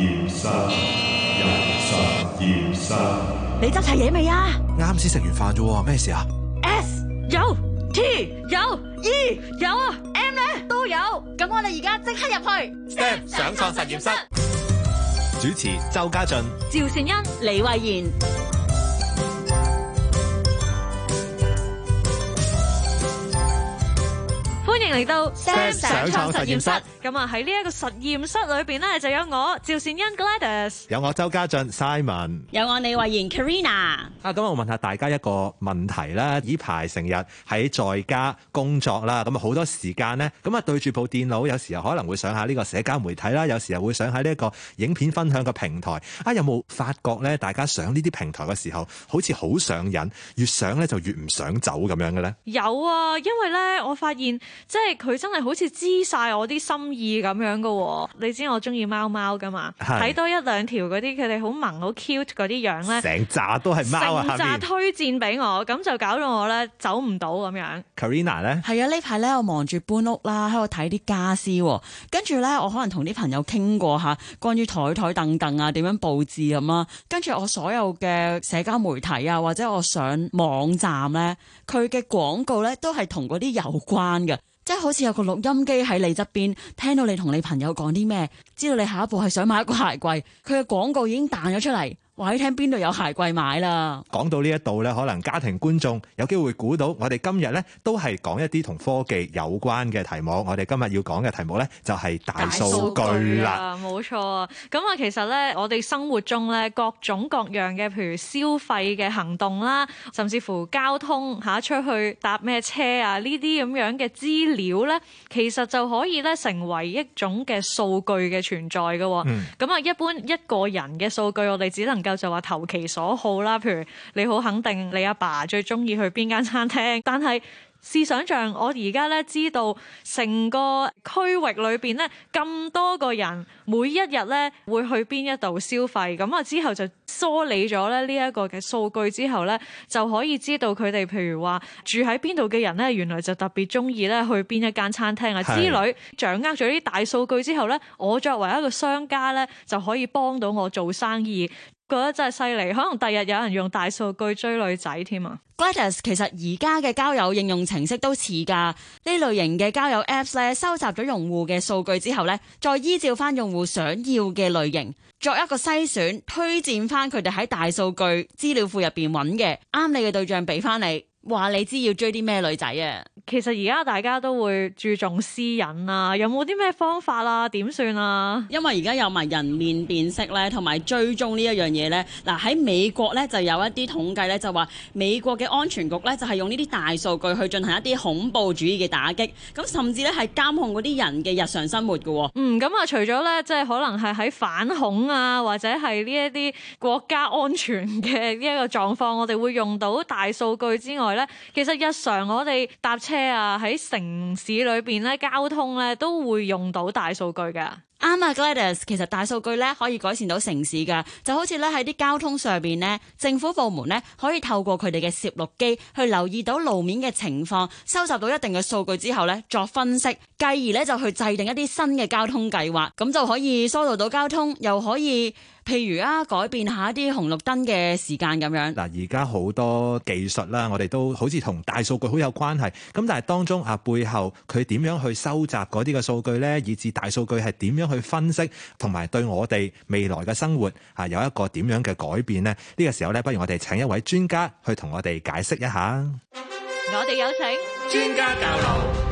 實驗室，實驗室，你執齊嘢未啊？啱先食完飯啫，咩事啊？S 有，T 有，E 有啊，M 呢都有，咁我哋而家即刻入去。STEM 上創實驗室。主持周家俊、趙善欣、李慧賢。嚟到雙上創實驗室，咁啊喺呢一個實驗室裏邊咧，就有我趙善恩 Gladys，有我周家俊 Simon，有我李慧賢 Karina 啊，咁我問下大家一個問題啦，依排成日喺在家工作啦，咁啊好多時間咧，咁啊對住部電腦，有時候可能會上下呢個社交媒體啦，有時候會上下呢一個影片分享嘅平台。啊，有冇發覺咧？大家上呢啲平台嘅時候，好似好上癮，越上咧就越唔想走咁樣嘅咧？有啊，因為咧，我發現。即即係佢真係好似知晒我啲心意咁樣嘅喎。哦，你知我中意貓貓噶嘛？睇多是一兩條嗰啲佢哋好萌好 cute 嗰啲樣咧，成扎都係貓，成扎推薦俾我，咁面就搞到我咧走唔到咁樣。Karina 咧，係啊！呢排咧我忙住搬屋啦，喺度睇啲家俬，跟住咧我可能同啲朋友傾過吓，關於台台凳凳啊點樣佈置咁啊，跟住我所有嘅社交媒體啊，或者我上網站咧，佢嘅廣告咧都係同嗰啲有關嘅。即係好似有個錄音機喺你側邊，聽到你同你朋友講啲咩，知道你下一步係想買一個鞋櫃，佢嘅廣告已經彈咗出嚟。話你聽邊度有鞋櫃買啦？講到呢一度咧，可能家庭觀眾有機會估到我，我哋今日咧都係講一啲同科技有關嘅題目。我哋今日要講嘅題目咧就係、是、大數據啦。冇錯啊！咁啊，其實咧，我哋生活中咧各種各樣嘅，譬如消費嘅行動啦，甚至乎交通吓出去搭咩車啊，呢啲咁樣嘅資料咧，其實就可以咧成為一種嘅數據嘅存在嘅，咁啊、嗯，一般一個人嘅數據，我哋只能夠。就話投其所好啦，譬如你好肯定你阿爸，爸最中意去邊間餐廳，但係試想象，我而家咧知道成個區域裏邊咧咁多個人，每一日咧會去邊一度消費，咁啊之後就梳理咗咧呢一個嘅數據之後咧，就可以知道佢哋譬如話住喺邊度嘅人咧，原來就特別中意咧去邊一間餐廳啊是之類，掌握咗呢啲大數據之後咧，我作為一個商家咧，就可以幫到我做生意。覺得真係犀利，可能第日有人用大數據追女仔添啊！Gladys 其實而家嘅交友應用程式都似㗎，呢類型嘅交友 Apps 咧，收集咗用戶嘅數據之後咧，再依照翻用戶想要嘅類型作一個篩選，推薦翻佢哋喺大數據資料庫入邊揾嘅啱你嘅對象俾翻你。話你知要追啲咩女仔啊？其實而家大家都會注重私隱啊，有冇啲咩方法啊點算啊？因為而家有埋人面辨識咧，同埋追蹤呢一樣嘢咧。嗱喺美國咧就有一啲統計咧，就話美國嘅安全局咧就係用呢啲大數據去進行一啲恐怖主義嘅打擊，咁甚至咧係監控啲人嘅日常生活噶。嗯，咁啊，除咗咧即係可能係喺反恐啊，或者係呢一啲國家安全嘅呢一個狀況，我哋會用到大數據之外。咧，其實日常我哋搭車啊，喺城市裏邊咧，交通咧都會用到大數據㗎。啱啊 Glades 其實大數據咧可以改善到城市㗎，就好似咧喺啲交通上邊咧，政府部門咧可以透過佢哋嘅攝錄機去留意到路面嘅情況，收集到一定嘅數據之後咧作分析，繼而咧就去制定一啲新嘅交通計劃，咁就可以疏導到交通，又可以譬如啊改變下一啲紅綠燈嘅時間咁樣嗱，而家好多技術啦，我哋都好似同大數據好有關係，咁但係當中啊背後佢點樣去收集啲嘅數據咧，以至大數據係點樣。去分析同埋對我哋未來嘅生活啊有一個點樣嘅改變咧？呢、這個時候咧，不如我哋請一位專家去同我哋解釋一下。我哋有請專家教路。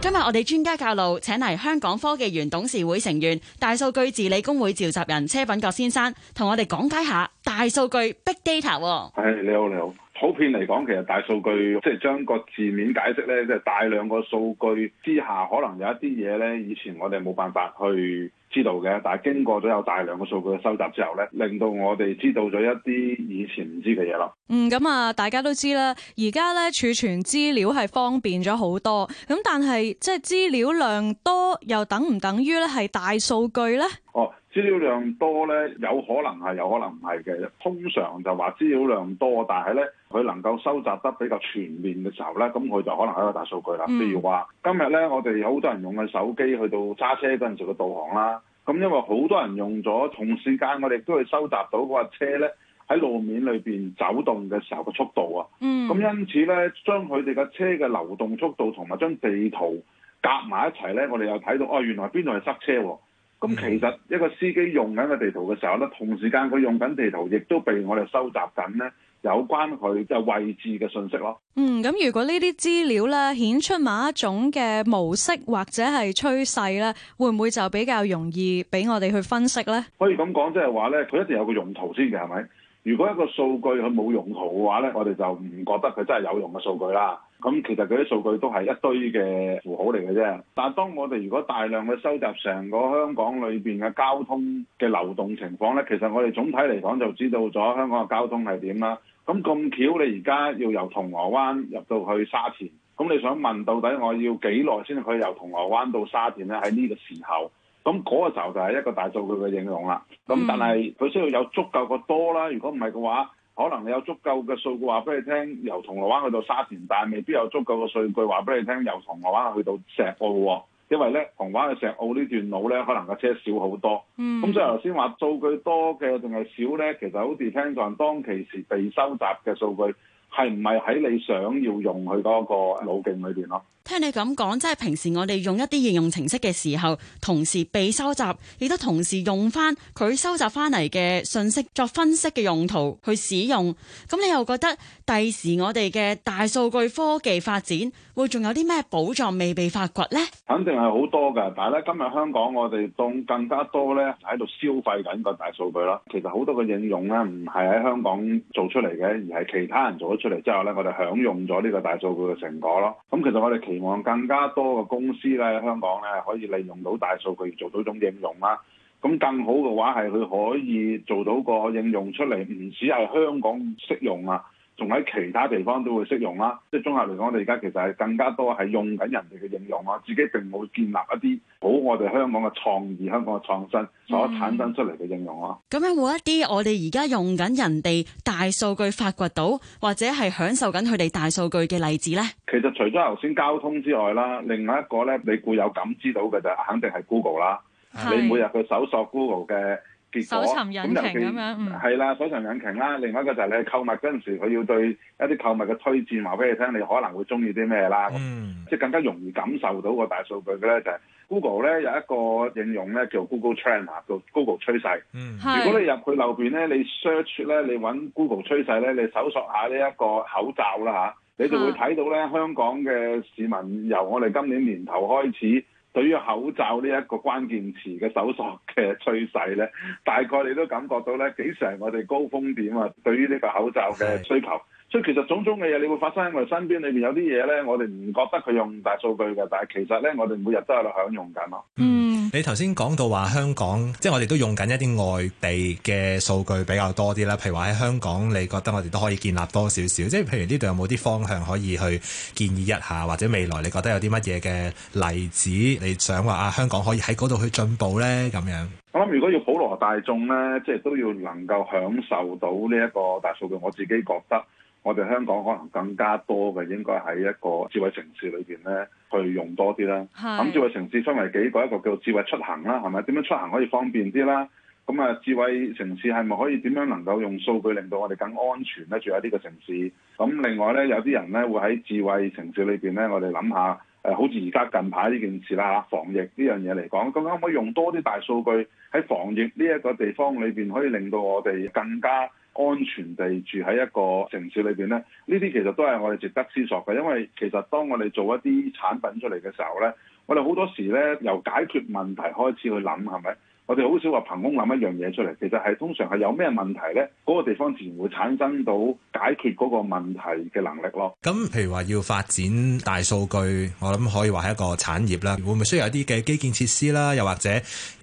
今日我哋專家教路，請嚟香港科技園董事會成員、大數據治理工會召集人車品國先生，同我哋講解下大數據 Big Data。係你好，你好。普遍嚟講，其實大數據即係將個字面解釋咧，即係大量個數據之下，可能有一啲嘢咧，以前我哋冇辦法去知道嘅。但係經過咗有大量個數據嘅收集之後咧，令到我哋知道咗一啲以前唔知嘅嘢咯。嗯，咁啊，大家都知啦，而家咧儲存資料係方便咗好多。咁但係即係資料量多，又等唔等於咧係大數據咧？哦。資料量多咧，有可能係有可能唔係嘅。通常就話資料量多，但係咧佢能夠收集得比較全面嘅時候咧，咁佢就可能係一個大數據啦。譬如話，今日咧我哋好多人用嘅手機去到揸車嗰陣時嘅導航啦，咁因為好多人用咗同時間，我哋都去收集到嗰個車咧喺路面裏邊走動嘅時候嘅速度啊。咁、嗯、因此咧，將佢哋嘅車嘅流動速度同埋將地圖夾埋一齊咧，我哋又睇到哦，原來邊度係塞車喎。咁其實一個司機用緊個地圖嘅時候咧，同時間佢用緊地圖，亦都被我哋收集緊咧有關佢即係位置嘅信息咯。嗯，咁如果呢啲資料咧顯出某一種嘅模式或者係趨勢咧，會唔會就比較容易俾我哋去分析咧？可以咁講，即係話咧，佢一定有個用途先嘅，係咪？如果一個數據佢冇用途嘅話咧，我哋就唔覺得佢真係有用嘅數據啦。咁其實佢啲數據都係一堆嘅符號嚟嘅啫。但係當我哋如果大量嘅收集成個香港裏邊嘅交通嘅流動情況呢，其實我哋總體嚟講就知道咗香港嘅交通係點啦。咁咁巧，你而家要由銅鑼灣入到去沙田，咁你想問到底我要幾耐先去由銅鑼灣到沙田呢？喺呢個時候，咁嗰個時候就係一個大數據嘅應用啦。咁但係佢需要有足夠嘅多啦，如果唔係嘅話。可能你有足夠嘅數據話俾你聽，由銅鑼灣去到沙田，但係未必有足夠嘅數據話俾你聽，由銅鑼灣去到石澳。因為咧，銅鑼灣去石澳呢段路咧，可能個車少好多。嗯，咁所以頭先話數據多嘅定係少咧，其實好似聽個人當其時被收集嘅數據。係唔係喺你想要用佢嗰個腦徑裏邊咯？聽你咁講，即係平時我哋用一啲應用程式嘅時候，同時被收集，亦都同時用翻佢收集翻嚟嘅信息作分析嘅用途去使用。咁你又覺得第時我哋嘅大數據科技發展會仲有啲咩寶藏未被發掘呢？肯定係好多㗎，但係咧，今日香港我哋當更加多咧喺度消費緊個大數據啦。其實好多嘅應用咧，唔係喺香港做出嚟嘅，而係其他人做咗。出嚟之後咧，我哋享用咗呢個大數據嘅成果咯。咁其實我哋期望更加多嘅公司咧，喺香港咧，可以利用到大數據做到種應用啦。咁更好嘅話係佢可以做到個應用出嚟，唔止係香港適用啊。仲喺其他地方都會適用啦，即係綜合嚟講，我哋而家其實係更加多係用緊人哋嘅應用咯、啊，自己並冇建立一啲好我哋香港嘅創意、香港嘅創新所產生出嚟嘅應用咯、啊。咁樣有冇一啲我哋而家用緊人哋大數據發掘到，或者係享受緊佢哋大數據嘅例子咧？其實除咗頭先交通之外啦，另外一個咧，你固有感知到嘅就肯定係 Google 啦，是你每日去搜索 Google 嘅。搜尋引擎咁樣，係啦、嗯，搜尋引擎啦。另外一個就係、是、你購物嗰陣時，佢要對一啲購物嘅推薦話俾你聽，你可能會中意啲咩啦。嗯，即係更加容易感受到個大數據嘅咧，就係、是、Google 咧有一個應用咧叫 Google Trend 啊，叫 Google 趨勢。嗯、如果你入去後邊咧，你 search 咧，你揾 Google 趨勢咧，你搜索，你你搜索下呢一個口罩啦嚇，你就會睇到咧、嗯嗯、香港嘅市民由我哋今年年頭開始。對於口罩呢一個關鍵詞嘅搜索嘅趨勢咧，大概你都感覺到咧幾成係我哋高峰點啊？對於呢個口罩嘅需求，是所以其實種種嘅嘢，你會發生喺我哋身邊裏面有有。有啲嘢咧，我哋唔覺得佢用大數據嘅，但係其實咧，我哋每日都喺度享用緊咯。嗯。你頭先講到話香港，即係我哋都用緊一啲外地嘅數據比較多啲啦。譬如話喺香港，你覺得我哋都可以建立多少少？即係譬如呢度有冇啲方向可以去建議一下，或者未來你覺得有啲乜嘢嘅例子，你想話啊香港可以喺嗰度去進步呢？咁樣，我諗如果要普羅大眾呢，即係都要能夠享受到呢一個大數據，我自己覺得。我哋香港可能更加多嘅，應該喺一個智慧城市裏邊咧，去用多啲啦。咁是智慧城市分為幾個，一個叫做智慧出行啦，係咪？點樣出行可以方便啲啦？咁啊，智慧城市係咪可以點樣能夠用數據令到我哋更安全咧？住喺呢個城市。咁另外咧，有啲人咧會喺智慧城市裏邊咧，我哋諗下誒，好似而家近排呢件事啦，防疫呢樣嘢嚟講，咁可唔可以用多啲大數據喺防疫呢一個地方裏邊，可以令到我哋更加？安全地住喺一個城市裏邊咧，呢啲其實都係我哋值得思索嘅。因為其實當我哋做一啲產品出嚟嘅時候咧，我哋好多時咧由解決問題開始去諗，係咪？我哋好少話憑空諗一樣嘢出嚟，其實係通常係有咩問題呢？嗰個地方自然會產生到解決嗰個問題嘅能力咯。咁譬如話要發展大數據，我諗可以話係一個產業啦。會唔會需要有啲嘅基建設施啦？又或者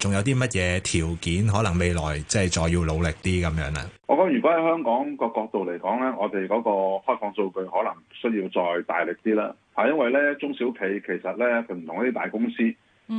仲有啲乜嘢條件？可能未來即係再要努力啲咁樣咧。我覺得如果喺香港個角度嚟講呢，我哋嗰個開放數據可能需要再大力啲啦。係因為呢，中小企其實呢，佢唔同嗰啲大公司。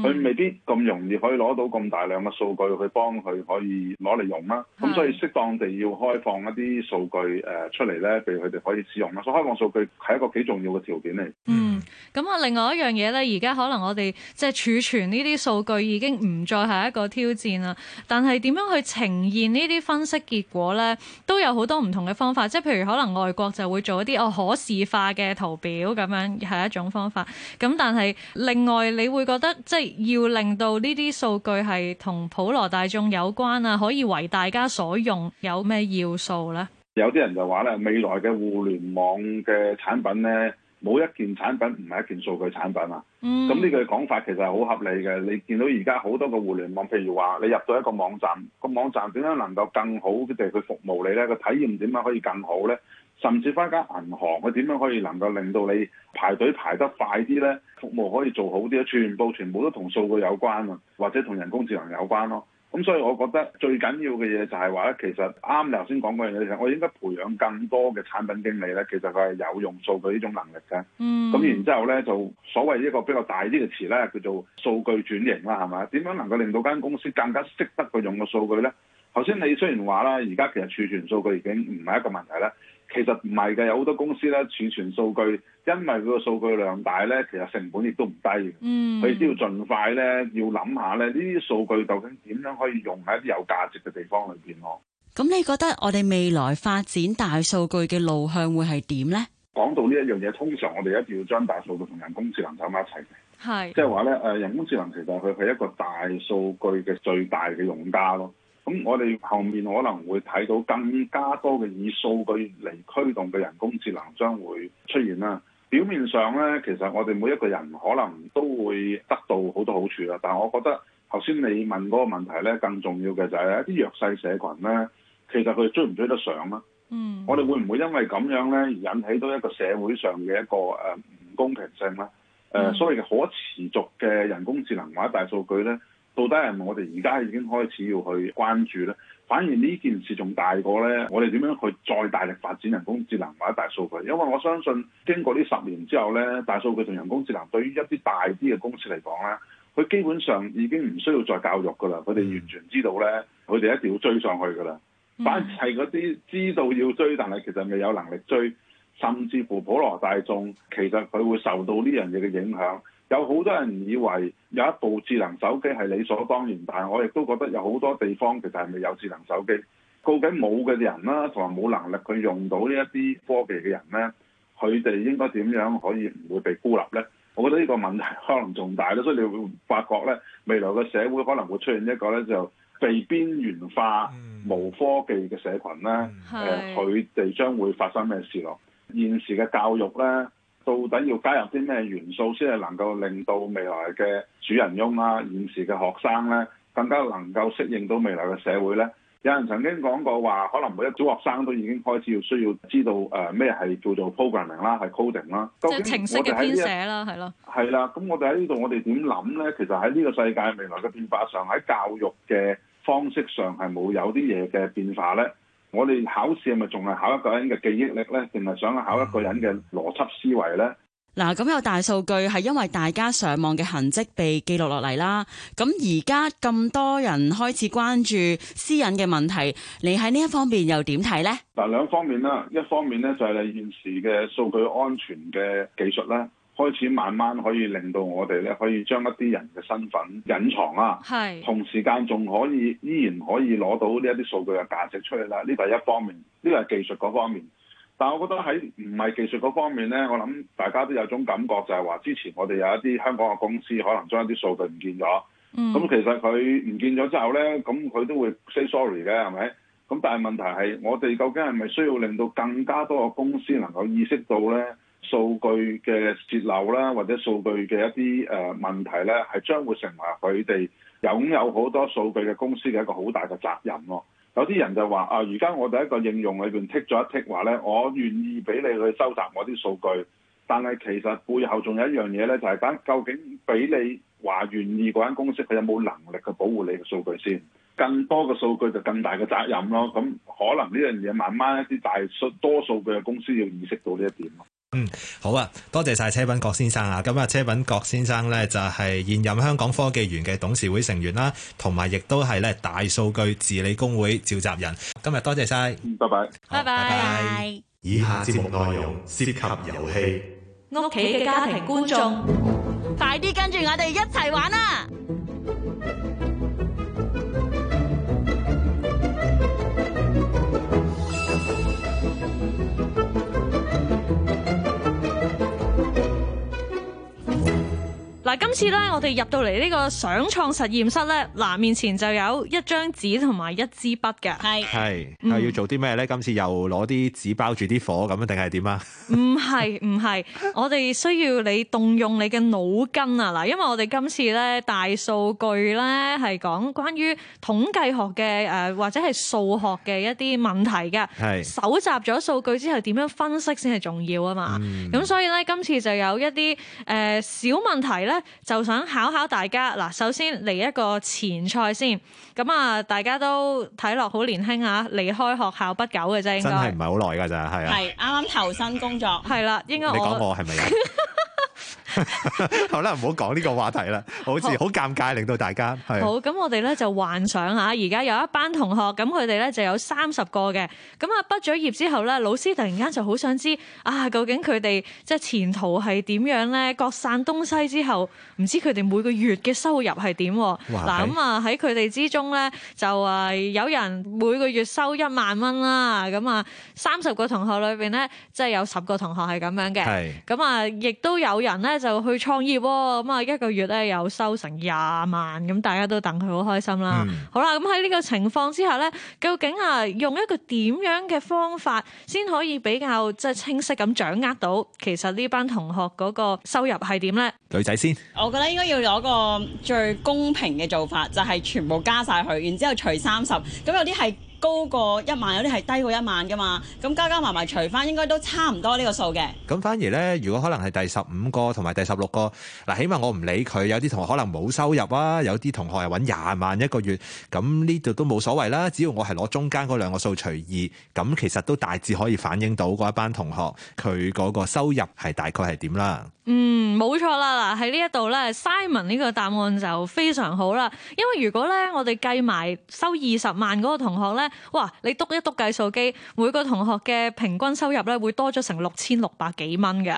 佢、嗯、未必咁容易可以攞到咁大量嘅數據去幫佢可以攞嚟用啦，咁的所以適當地要開放一啲數據誒、呃、出嚟咧，譬如佢哋可以使用啦。所以開放數據係一個幾重要嘅條件嚟。嗯，咁啊，另外一樣嘢咧，而家可能我哋即係儲存呢啲數據已經唔再係一個挑戰啦，但係點樣去呈現呢啲分析結果咧，都有好多唔同嘅方法。即係譬如可能外國就會做一啲哦可視化嘅圖表咁樣係一種方法。咁但係另外你會覺得即係。要令到呢啲數據係同普羅大眾有關啊，可以為大家所用，有咩要素咧？有啲人就話咧，未來嘅互聯網嘅產品咧，冇一件產品唔係一件數據產品啊。咁呢句講法其實好合理嘅。你見到而家好多個互聯網，譬如話你入到一個網站，個網站點樣能夠更好地去服務你咧？個體驗點樣可以更好咧？甚至翻間銀行，佢點樣可以能夠令到你排隊排得快啲咧？服務可以做好啲咧？全部全部都同數據有關啊，或者同人工智能有關咯。咁所以我覺得最緊要嘅嘢就係話咧，其實啱你頭先講嗰樣嘢就係，我應該培養更多嘅產品經理咧，其實佢係有用數據呢種能力嘅。嗯。咁然之後咧，就所謂一個比較大啲嘅詞咧，叫做數據轉型啦，係咪？點樣能夠令到間公司更加識得佢用個數據咧？頭先你雖然話啦，而家其實儲存數據已經唔係一個問題啦。其實唔係嘅，有好多公司咧儲存數據，因為佢個數據量大咧，其實成本亦都唔低。嗯，佢需要盡快咧，要諗下咧，呢啲數據究竟點樣可以用喺一啲有價值嘅地方裏邊咯。咁你覺得我哋未來發展大數據嘅路向會係點咧？講到呢一樣嘢，通常我哋一定要將大數據同人工智能走埋一齊。係是，即係話咧，誒、呃、人工智能其實佢係一個大數據嘅最大嘅用家咯。咁我哋後面可能會睇到更加多嘅以數據嚟驅動嘅人工智能將會出現啦。表面上呢，其實我哋每一個人可能都會得到好多好處啦。但係我覺得頭先你問嗰個問題呢，更重要嘅就係一啲弱勢社群呢，其實佢追唔追得上啦？嗯，我哋會唔會因為咁樣呢，而引起到一個社會上嘅一個誒唔、呃、公平性呢？呃嗯、所謂嘅可持續嘅人工智能或者大數據呢。到底係咪我哋而家已經開始要去關注咧？反而呢件事仲大過咧，我哋點樣去再大力發展人工智能或者大數據？因為我相信經過呢十年之後咧，大數據同人工智能對於一啲大啲嘅公司嚟講咧，佢基本上已經唔需要再教育㗎啦。佢哋完全知道咧，佢哋一定要追上去㗎啦。反而係嗰啲知道要追，但係其實未有能力追，甚至乎普羅大眾，其實佢會受到呢樣嘢嘅影響。有好多人以為有一部智能手機係理所當然，但係我亦都覺得有好多地方其實係未有智能手機。究竟冇嘅人啦，同埋冇能力去用到呢一啲科技嘅人咧，佢哋應該點樣可以唔會被孤立咧？我覺得呢個問題可能仲大咯，所以你會發覺咧，未來嘅社會可能會出現一個咧就被邊緣化、mm. 無科技嘅社群咧，誒佢哋將會發生咩事咯？現時嘅教育咧。到底要加入啲咩元素先係能夠令到未來嘅主人翁啦，啊，現時嘅學生咧，更加能夠適應到未來嘅社會咧？有人曾經講過話可能每一組學生都已經開始要需要知道誒咩係叫做 programming 啦，係 coding 啦。究竟我哋即係程式嘅編寫啦，係咯。係啦，咁我哋喺呢度，我哋點諗咧？其實喺呢個世界未來嘅變化上，喺教育嘅方式上係冇有啲嘢嘅變化咧？我哋考試係咪仲係考一個人嘅記憶力呢？定係想考一個人嘅邏輯思維呢？嗱，咁有大數據係因為大家上網嘅痕跡被記錄落嚟啦。咁而家咁多人開始關注私隱嘅問題，你喺呢一方面又點睇呢？嗱，兩方面啦，一方面呢，就係你現時嘅數據安全嘅技術咧。開始慢慢可以令到我哋咧，可以將一啲人嘅身份隱藏啊，是同時間仲可以依然可以攞到呢一啲數據嘅價值出嚟啦。呢個係一方面，呢個係技術嗰方面。但係我覺得喺唔係技術嗰方面咧，我諗大家都有種感覺，就係話之前我哋有一啲香港嘅公司可能將一啲數據唔見咗。咁、嗯、其實佢唔見咗之後咧，咁佢都會 say sorry 嘅，係咪？咁但係問題係，我哋究竟係咪需要令到更加多嘅公司能夠意識到咧？數據嘅洩漏啦，或者數據嘅一啲誒問題呢，係將會成為佢哋擁有好多數據嘅公司嘅一個好大嘅責任咯。有啲人就話啊，而家我哋一個應用裏邊剔咗一剔，話呢我願意俾你去收集我啲數據，但係其實背後仲有一樣嘢呢，就係、是、講究竟俾你話願意嗰間公司，佢有冇能力去保護你嘅數據先？更多嘅數據就更大嘅責任咯。咁可能呢樣嘢慢慢一啲大數多數據嘅公司要意識到呢一點。嗯，好啊，多謝晒車品國先生啊！今日車品國先生咧，就係、是、現任香港科技園嘅董事會成員啦、啊，同埋亦都係咧大數據治理公會召集人。今日多謝晒，嗯，拜拜，好拜拜。以下節目內容涉及遊戲，屋企嘅家庭觀眾，快啲跟住我哋一齊玩啊！嗱，今次咧，我哋入到嚟呢個想創實驗室咧，嗱，面前就有一張紙同埋一支筆嘅，係是，係、嗯，又要做啲咩咧？今次又攞啲紙包住啲火咁樣定係點啊？唔係唔係，我哋需要你動用你嘅腦筋啊！嗱，因為我哋今次咧大數據咧係講關於統計學嘅誒、呃、或者係數學嘅一啲問題嘅，係是搜集咗數據之後點樣分析先係重要啊嘛。咁、嗯、所以咧今次就有一啲誒、呃、小問題咧。就想考考大家嗱，首先嚟一個前菜先，咁啊，大家都睇落好年輕啊，離開學校不久嘅啫，應該真係唔係好耐㗎咋，係啊，係啱啱投身工作，係啦， 應該我講我係咪？ 好啦，唔好講呢個話題啦，好似好尷尬，好令到大家。好咁，我哋咧就幻想下，而家有一班同學，咁佢哋咧就有三十個嘅。咁啊，畢咗業之後咧，老師突然間就好想知啊，究竟佢哋即係前途係點樣咧？各散東西之後，唔知佢哋每個月嘅收入係點？嗱咁啊，喺佢哋之中咧，就係有人每個月收一萬蚊啦。咁啊，三十個同學裏邊咧，即係有十個同學係咁樣嘅。係咁啊，亦都有人咧。就去創業喎，咁啊一個月咧有收成廿萬，咁大家都等佢好開心啦。嗯、好啦，咁喺呢個情況之下咧，究竟啊用一個點樣嘅方法先可以比較即係清晰咁掌握到其實呢班同學嗰個收入係點呢？女仔生先，我覺得應該要攞個最公平嘅做法，就係、是、全部加晒佢，然之後除三十，咁有啲係，高過一萬，有啲係低過一萬噶嘛，咁加加埋埋除翻，應該都差唔多呢個數嘅。咁反而呢，如果可能係第十五個同埋第十六個，嗱，起碼我唔理佢。有啲同學可能冇收入啊，有啲同學又揾廿萬一個月，咁呢度都冇所謂啦。只要我係攞中間嗰兩個數，除二，咁，其實都大致可以反映到嗰一班同學佢嗰個收入係大概係點啦。嗯，冇錯啦。嗱，喺呢一度咧，Simon 呢個答案就非常好啦。因為如果咧我哋計埋收二十萬個同學咧，哇！你篤一篤計數機，每個同學嘅平均收入咧會多咗成六千六百幾蚊噶。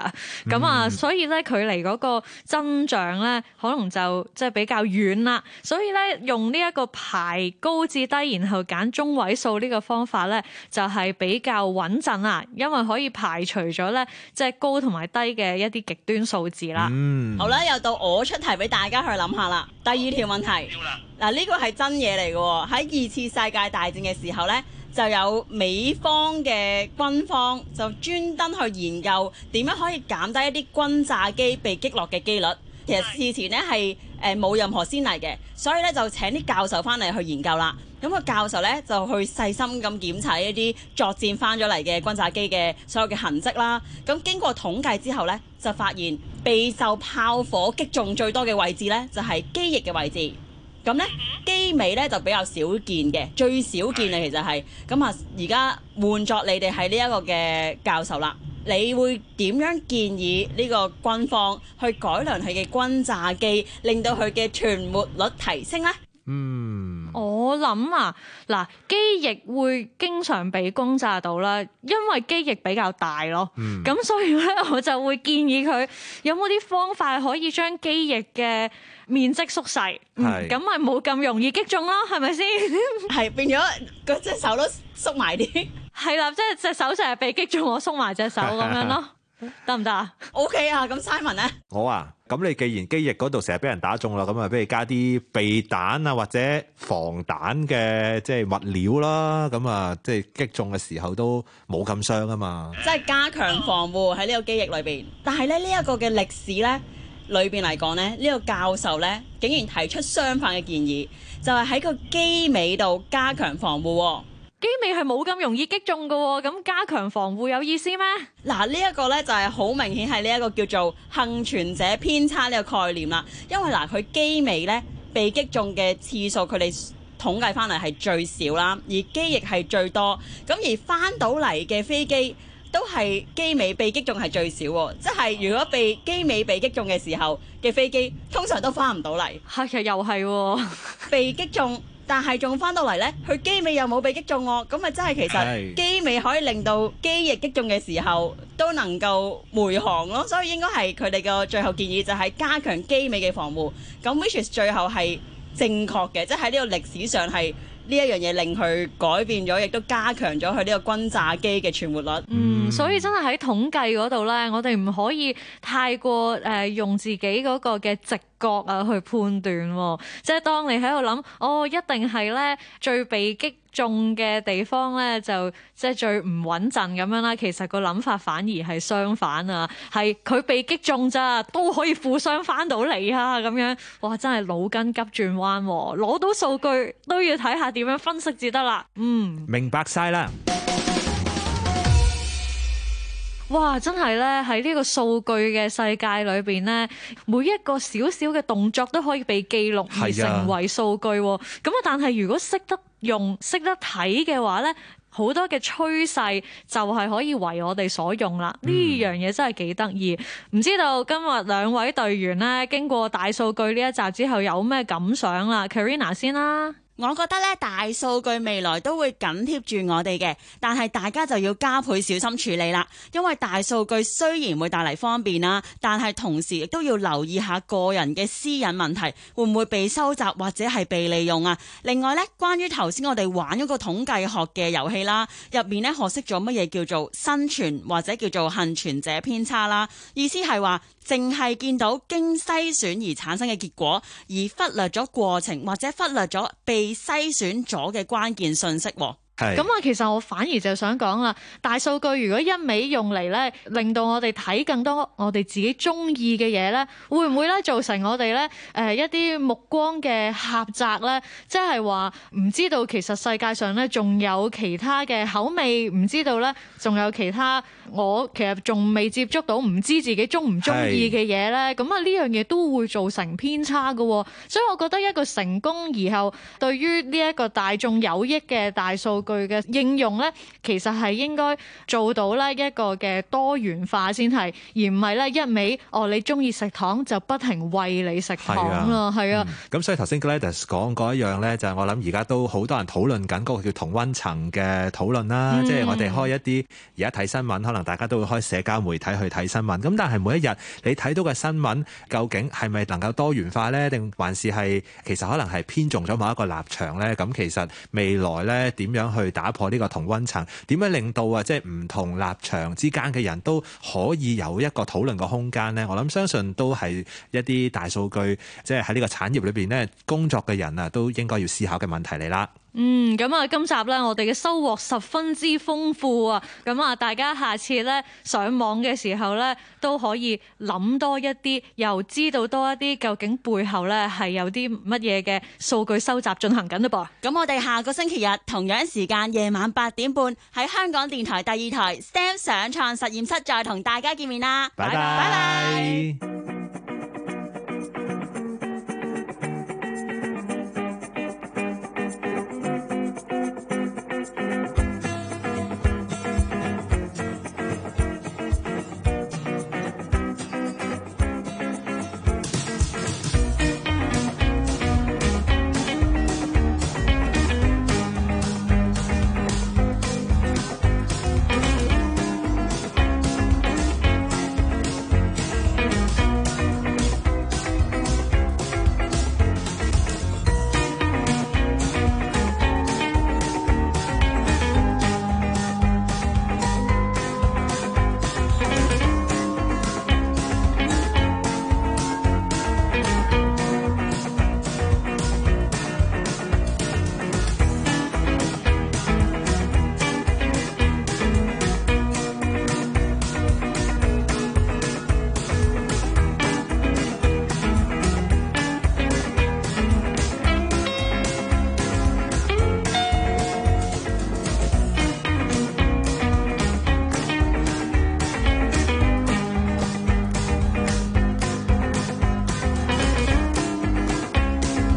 咁啊、嗯嗯，所以咧距離個增長咧，可能就即係比較遠啦。所以咧用呢一個排高至低，然後揀中位數呢個方法咧，就係比較穩陣啦。因為可以排除咗咧即係高同埋低嘅一啲極端。數字啦，嗯、好啦，又到我出題俾大家去諗下啦。第二條問題，嗱呢個係真嘢嚟嘅喎。喺二次世界大戰嘅時候呢，就有美方嘅軍方就專登去研究點樣可以減低一啲轟炸機被擊落嘅幾率。其實事前呢係誒冇任何先例嘅，所以咧就請啲教授翻嚟去研究啦。咁個教授咧就去細心咁檢查一啲作戰返咗嚟嘅轟炸機嘅所有嘅痕跡啦。咁經過統計之後咧，就發現備受炮火擊中最多嘅位置咧就係機翼嘅位置。咁咧機尾咧就比較少見嘅，最少見嘅，其實係。咁啊，而家換作你哋係呢一個嘅教授啦，你會點樣建議呢個軍方去改良佢嘅轟炸機，令到佢嘅存活率提升咧？嗯。我諗啊，嗱機翼會經常被攻炸到啦，因為機翼比較大咯。咁、嗯、所以咧，我就會建議佢有冇啲方法可以將機翼嘅面積縮細，咁咪冇咁容易擊中咯，係咪先？係 變咗，嗰隻手都縮埋啲。係 啦， 即係隻手成日被擊中，我縮埋隻手咁樣咯，得唔得啊？O K 啊，咁 Simon，啊。好啊。咁你既然機翼嗰度成日俾人打中啦，咁啊，不如加啲避彈啊或者防彈嘅即係物料啦，咁啊，即係擊中嘅時候都冇咁傷啊嘛！即係加強防護喺呢個機翼裏邊，但係咧呢一個嘅歷史咧裏邊嚟講咧，呢、呢個教授咧竟然提出相反嘅建議，就係喺個機尾度加強防護。機尾係冇咁容易擊中噶咁加強防護有意思咩？嗱，呢一個呢就係好明顯係呢一個叫做幸存者偏差呢個概念啦。因為嗱，佢機尾呢，被擊中嘅次數，佢哋統計翻嚟係最少啦，而機翼係最多。咁而翻到嚟嘅飛機都係機尾被擊中係最少，即係如果被機尾被擊中嘅時候嘅飛機，通常都翻唔到嚟。吓是、哦，其實又係被擊中。但係仲翻到嚟呢，佢機尾又冇被擊中喎、啊，咁啊真係其實機尾可以令到機翼擊中嘅時候都能夠回航咯，所以應該係佢哋嘅最後建議就係、是、加強機尾嘅防護，咁 which is 最後係正確嘅，即係喺呢個歷史上係。呢一樣嘢令佢改變咗，亦都加強咗佢呢個轟炸機嘅存活率。嗯，所以真係喺統計嗰度咧，我哋唔可以太過誒、呃、用自己嗰個嘅直覺啊去判斷、哦。即係當你喺度諗，哦，一定係咧最被擊中嘅地方咧，就即係最唔穩陣咁樣啦。其實個諗法反而係相反啊，係佢被擊中咋，都可以互相翻到嚟啊咁樣。哇！真係腦筋急轉彎啊，攞到數據都要睇下點樣分析至得啦。嗯，明白晒啦。哇！真係咧，喺呢個數據嘅世界裏邊呢，每一個小小嘅動作都可以被記錄而成為數據。咁啊，的但係如果識得。用識得睇嘅話咧，好多嘅趨勢就係可以為我哋所用啦！呢、嗯、樣嘢真係幾得意，唔知道今日兩位隊員咧，經過大數據呢一集之後有咩感想啦？Karina 先啦。我覺得咧大數據未來都會緊貼住我哋嘅，但係大家就要加倍小心處理啦。因為大數據雖然會帶嚟方便啦，但係同時亦都要留意下個人嘅私隱問題會唔會被收集或者係被利用啊，另外咧，關於頭先我哋玩咗個統計學嘅遊戲啦，入面咧學識咗乜嘢叫做生存，或者叫做幸存者偏差啦，意思係話淨係見到經篩選而產生嘅結果，而忽略咗過程或者忽略咗被。你篩選咗嘅關鍵信息，咁啊，其實我反而就想講啦，大數據如果一味用嚟咧，令到我哋睇更多我哋自己中意嘅嘢咧，會唔會咧造成我哋咧誒一啲目光嘅狹窄咧？即係話唔知道其實世界上咧仲有其他嘅口味，唔知道咧仲有其他。我其實仲未接觸到，唔知自己中唔中意嘅嘢咧，咁啊呢樣嘢都會造成偏差嘅，哦，所以我覺得一個成功，而後對於呢一個大眾有益嘅大數據嘅應用咧，其實係應該做到咧一個嘅多元化先係，而唔係咧一味哦你中意食糖就不停餵你食糖咯，係啊。咁，啊嗯，所以頭先 Gladys 講嗰一樣咧，就係、是、我諗而家都好多人討論緊個叫同溫層嘅討論啦，嗯，即係我哋開一啲而家睇新聞可能。可能大家都會開社交媒體去睇新聞，咁但係每一日你睇到嘅新聞，究竟係咪能夠多元化咧，定還是係其實可能係偏重咗某一個立場咧？咁其實未來咧，點樣去打破呢個同溫層，點樣令到啊即係唔同立場之間嘅人都可以有一個討論嘅空間咧？我諗相信都係一啲大數據即係喺呢個產業裏邊咧工作嘅人啊，都應該要思考嘅問題嚟啦。嗯，咁啊，今集呢，我哋嘅收穫十分之豐富啊！咁啊，大家下次呢，上網嘅時候呢，都可以諗多一啲，又知道多一啲，究竟背後呢係有啲乜嘢嘅數據收集進行緊呢噃。咁我哋下個星期日同樣時間夜晚八點半喺香港電台第二台 STEM 上創實驗室再同大家見面啦。拜拜。